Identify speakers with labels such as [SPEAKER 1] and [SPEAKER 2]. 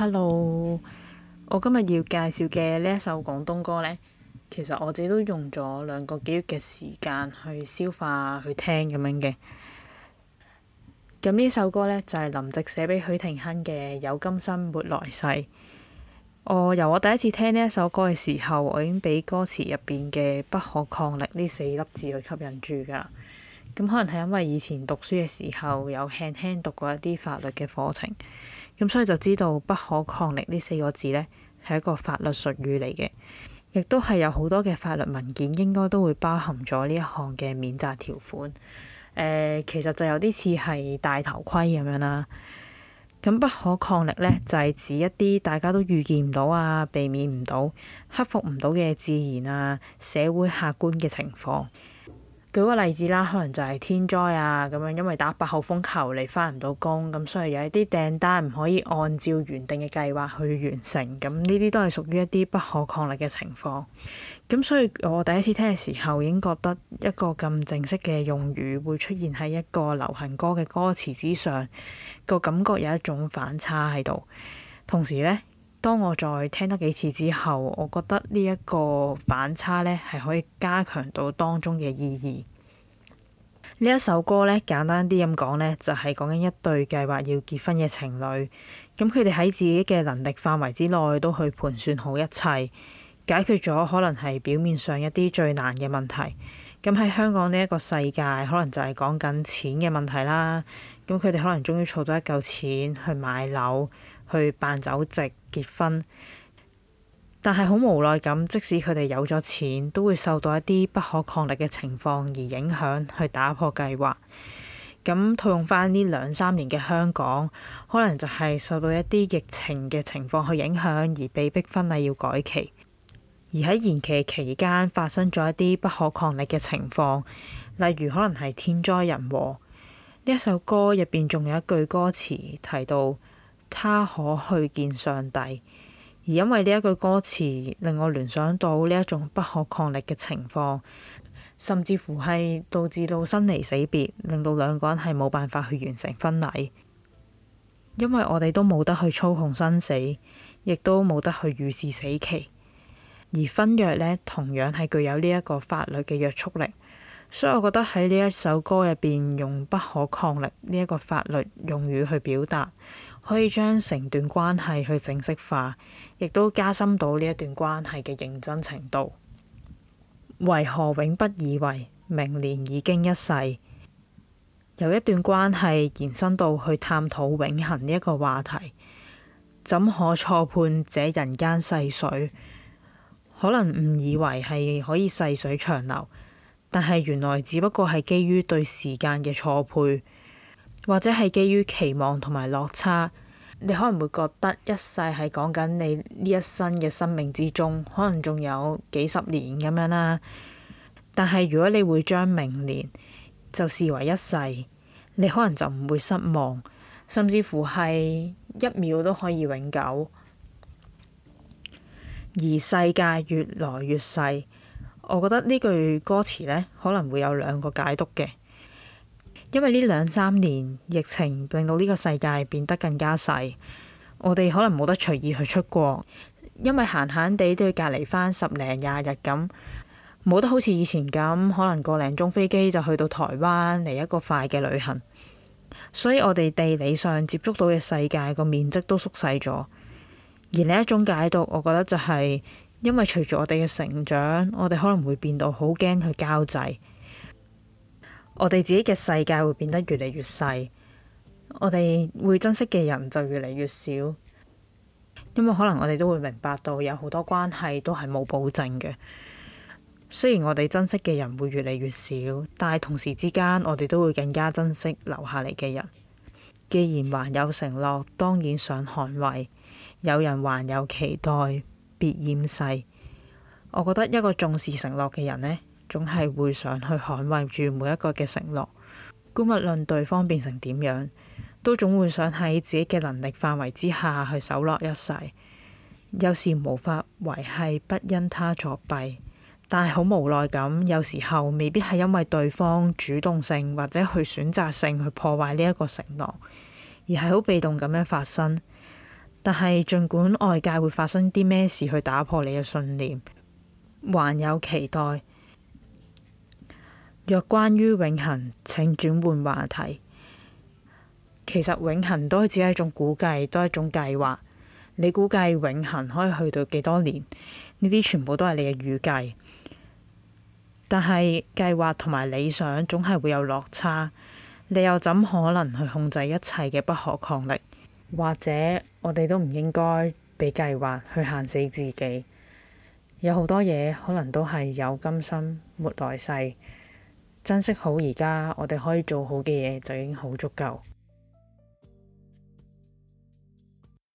[SPEAKER 1] Hello，我今日要介紹嘅呢一首廣東歌呢，其實我自己都用咗兩個幾月嘅時間去消化、去聽咁樣嘅。咁呢首歌呢，就係、是、林夕寫俾許廷鏗嘅《有今生沒來世》。我、哦、由我第一次聽呢一首歌嘅時候，我已經俾歌詞入邊嘅不可抗力呢四粒字去吸引住㗎。咁可能係因為以前讀書嘅時候，有輕輕讀過一啲法律嘅課程。咁所以就知道不可抗力呢四個字呢，係一個法律術語嚟嘅，亦都係有好多嘅法律文件應該都會包含咗呢一項嘅免責條款。誒、呃，其實就有啲似係戴頭盔，咁樣啦。咁不可抗力呢，就係、是、指一啲大家都預見唔到啊、避免唔到、克服唔到嘅自然啊、社會客觀嘅情況。舉個例子啦，可能就係天災啊咁樣，因為打八號風球，你返唔到工，咁所以有一啲訂單唔可以按照原定嘅計劃去完成，咁呢啲都係屬於一啲不可抗力嘅情況。咁所以我第一次聽嘅時候已經覺得一個咁正式嘅用語會出現喺一個流行歌嘅歌詞之上，個感覺有一種反差喺度，同時呢，當我再聽多幾次之後，我覺得呢一個反差呢係可以加強到當中嘅意義。呢一首歌呢簡單啲咁講呢，就係講緊一對計劃要結婚嘅情侶。咁佢哋喺自己嘅能力範圍之內，都去盤算好一切，解決咗可能係表面上一啲最難嘅問題。咁喺香港呢一個世界，可能就係講緊錢嘅問題啦。咁佢哋可能終於儲到一嚿錢去買樓。去辦酒席結婚，但係好無奈咁，即使佢哋有咗錢，都會受到一啲不可抗力嘅情況而影響，去打破計劃。咁套用返呢兩三年嘅香港，可能就係受到一啲疫情嘅情況去影響，而被迫婚禮要改期。而喺延期期間發生咗一啲不可抗力嘅情況，例如可能係天災人禍。呢一首歌入邊仲有一句歌詞提到：他可去見上帝，而因為呢一句歌詞令我聯想到呢一種不可抗力嘅情況，甚至乎係導致到生離死別，令到兩個人係冇辦法去完成婚禮，因為我哋都冇得去操控生死，亦都冇得去預示死期，而婚約呢同樣係具有呢一個法律嘅約束力。所以，我覺得喺呢一首歌入邊用不可抗力呢一個法律用語去表達，可以將成段關係去正式化，亦都加深到呢一段關係嘅認真程度。為何永不以為明年已經一世，由一段關係延伸到去探討永恆呢一個話題，怎可錯判這人間逝水？可能誤以為係可以細水長流。但係原來只不過係基於對時間嘅錯配，或者係基於期望同埋落差，你可能會覺得一世係講緊你呢一生嘅生命之中，可能仲有幾十年咁樣啦。但係如果你會將明年就視為一世，你可能就唔會失望，甚至乎係一秒都可以永久。而世界越來越細。我覺得呢句歌詞呢，可能會有兩個解讀嘅，因為呢兩三年疫情令到呢個世界變得更加細，我哋可能冇得隨意去出國，因為閒閒地都要隔離返十零廿日咁，冇得好似以前咁可能個零鐘飛機就去到台灣嚟一個快嘅旅行，所以我哋地理上接觸到嘅世界個面積都縮細咗。而另一種解讀，我覺得就係、是。因為隨住我哋嘅成長，我哋可能會變到好驚去交際，我哋自己嘅世界會變得越嚟越細，我哋會珍惜嘅人就越嚟越少，因為可能我哋都會明白到有好多關係都係冇保證嘅。雖然我哋珍惜嘅人會越嚟越少，但係同時之間我哋都會更加珍惜留下嚟嘅人。既然還有承諾，當然想捍衛，有人還有期待。別厭世，我覺得一個重視承諾嘅人呢，總係會想去捍衞住每一個嘅承諾，無論對方變成點樣，都總會想喺自己嘅能力範圍之下去守諾一世。有時無法維繫，不因他作弊，但係好無奈咁，有時候未必係因為對方主動性或者去選擇性去破壞呢一個承諾，而係好被動咁樣發生。但係，儘管外界會發生啲咩事去打破你嘅信念，還有期待。若關於永恒，請轉換話題。其實永恒都只係一種估計，都係一種計劃。你估計永恒可以去到幾多年？呢啲全部都係你嘅預計。但係計劃同埋理想總係會有落差，你又怎可能去控制一切嘅不可抗力？或者我哋都唔應該俾計劃去限死自己，有好多嘢可能都係有今生沒來世，珍惜好而家我哋可以做好嘅嘢就已經好足夠。